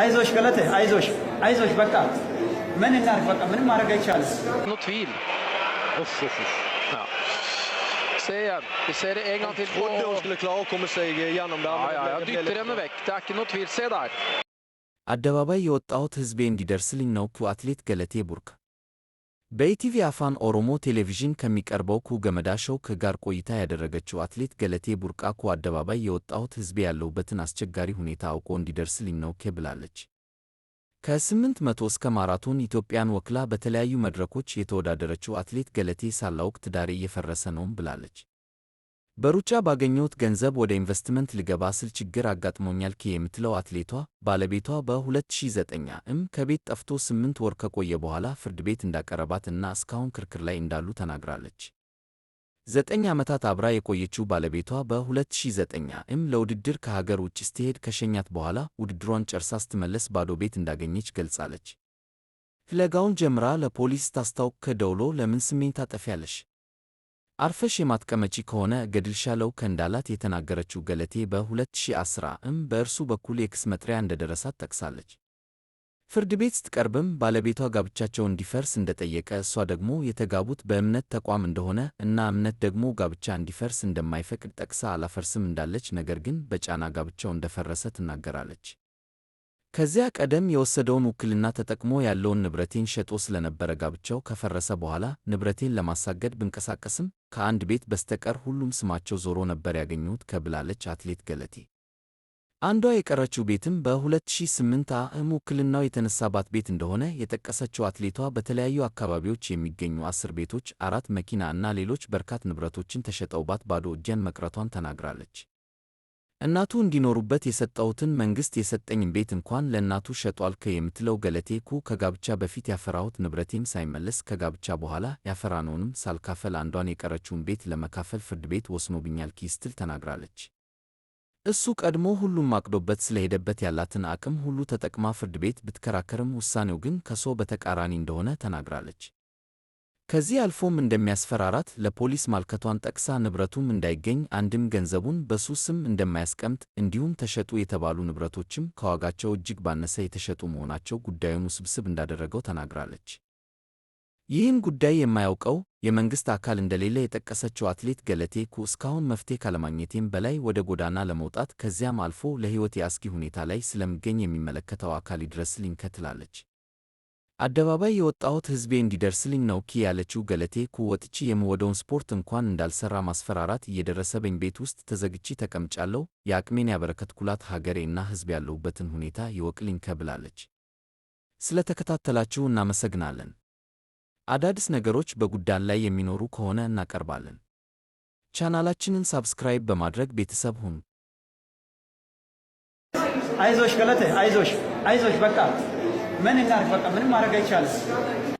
አይዞሽ ገለቴ አይዞሽ አይዞሽ፣ በቃ ምን እናድርግ፣ በቃ ምንም ማድረግ አይቻልም። አደባባይ የወጣሁት ህዝቤ እንዲደርስልኝ ነው። አትሌት ገለቴ ቡርካ በኢቲቪ አፋን ኦሮሞ ቴሌቪዥን ከሚቀርበው ኩ ገመዳ ሾው ጋር ቆይታ ያደረገችው አትሌት ገለቴ ቡርቃ ኩ አደባባይ የወጣሁት ሕዝቤ ያለሁበትን አስቸጋሪ ሁኔታ አውቆ እንዲደርስልኝ ነው ኬ ብላለች። ከ መቶ እስከ ማራቶን ኢትዮጵያን ወክላ በተለያዩ መድረኮች የተወዳደረችው አትሌት ገለቴ ሳላውቅ ትዳሬ እየፈረሰ ነውም ብላለች። በሩጫ ባገኘሁት ገንዘብ ወደ ኢንቨስትመንት ልገባ ስል ችግር አጋጥሞኛል የምትለው አትሌቷ ባለቤቷ በ2009 ዓ.ም ከቤት ጠፍቶ ስምንት ወር ከቆየ በኋላ ፍርድ ቤት እንዳቀረባት እና እስካሁን ክርክር ላይ እንዳሉ ተናግራለች። ዘጠኝ ዓመታት አብራ የቆየችው ባለቤቷ በ2009 ዓ.ም ለውድድር ከሀገር ውጭ ስትሄድ ከሸኛት በኋላ ውድድሯን ጨርሳ ስትመለስ ባዶ ቤት እንዳገኘች ገልጻለች። ፍለጋውን ጀምራ ለፖሊስ ስታስታውቅ ከደውሎ ለምን ስሜን ታጠፊያለሽ አርፈሽ የማትቀመጪ ከሆነ ገድልሻለው ከእንዳላት የተናገረችው ገለቴ በ2010 ም በእርሱ በኩል የክስ መጥሪያ እንደደረሳት ጠቅሳለች። ፍርድ ቤት ስትቀርብም ባለቤቷ ጋብቻቸው እንዲፈርስ እንደጠየቀ እሷ ደግሞ የተጋቡት በእምነት ተቋም እንደሆነ እና እምነት ደግሞ ጋብቻ እንዲፈርስ እንደማይፈቅድ ጠቅሳ አላፈርስም እንዳለች ነገር ግን በጫና ጋብቻው እንደፈረሰ ትናገራለች። ከዚያ ቀደም የወሰደውን ውክልና ተጠቅሞ ያለውን ንብረቴን ሸጦ ስለነበረ ጋብቻው ከፈረሰ በኋላ ንብረቴን ለማሳገድ ብንቀሳቀስም ከአንድ ቤት በስተቀር ሁሉም ስማቸው ዞሮ ነበር ያገኙት ከብላለች አትሌት ገለቴ። አንዷ የቀረችው ቤትም በ2008 ዓ.ም ውክልናው የተነሳባት ቤት እንደሆነ የጠቀሰችው አትሌቷ በተለያዩ አካባቢዎች የሚገኙ አስር ቤቶች፣ አራት መኪና እና ሌሎች በርካት ንብረቶችን ተሸጠውባት ባዶ እጄን መቅረቷን ተናግራለች። እናቱ እንዲኖሩበት የሰጠሁትን መንግሥት የሰጠኝን ቤት እንኳን ለእናቱ ሸጧልከ የምትለው ገለቴ ኩ ከጋብቻ በፊት ያፈራሁት ንብረቴም ሳይመለስ ከጋብቻ በኋላ ያፈራነውንም ሳልካፈል አንዷን የቀረችውን ቤት ለመካፈል ፍርድ ቤት ወስኖብኛል ኪ ስትል ተናግራለች። እሱ ቀድሞ ሁሉም አቅዶበት ስለሄደበት ያላትን አቅም ሁሉ ተጠቅማ ፍርድ ቤት ብትከራከርም ውሳኔው ግን ከሶ በተቃራኒ እንደሆነ ተናግራለች። ከዚህ አልፎም እንደሚያስፈራራት ለፖሊስ ማልከቷን ጠቅሳ ንብረቱም እንዳይገኝ አንድም ገንዘቡን በሱ ስም እንደማያስቀምጥ እንዲሁም ተሸጡ የተባሉ ንብረቶችም ከዋጋቸው እጅግ ባነሰ የተሸጡ መሆናቸው ጉዳዩን ውስብስብ እንዳደረገው ተናግራለች። ይህን ጉዳይ የማያውቀው የመንግሥት አካል እንደሌለ የጠቀሰችው አትሌት ገለቴ ኩ እስካሁን መፍትሄ ካለማግኘቴም በላይ ወደ ጎዳና ለመውጣት ከዚያም አልፎ ለሕይወት የአስጊ ሁኔታ ላይ ስለምገኝ የሚመለከተው አካል ይድረስልኝ ትላለች። አደባባይ የወጣሁት ሕዝቤ እንዲደርስልኝ ነው ኪ ያለችው ገለቴ ኩወጥቺ የምወደውን ስፖርት እንኳን እንዳልሠራ ማስፈራራት እየደረሰበኝ ቤት ውስጥ ተዘግቼ ተቀምጫለሁ። የአቅሜን ያበረከትኩላት ሀገሬ እና ሕዝብ ያለሁበትን ሁኔታ ይወቅልኝ ከብላለች። ተከታተላችሁ እናመሰግናለን። አዳዲስ ነገሮች በጉዳን ላይ የሚኖሩ ከሆነ እናቀርባለን። ቻናላችንን ሳብስክራይብ በማድረግ ቤተሰብ ሁኑ። አይዞሽ ገለቴ አይዞሽ አይዞሽ በቃ ምን እናድርግ? በቃ ምንም ማድረግ አይቻልም።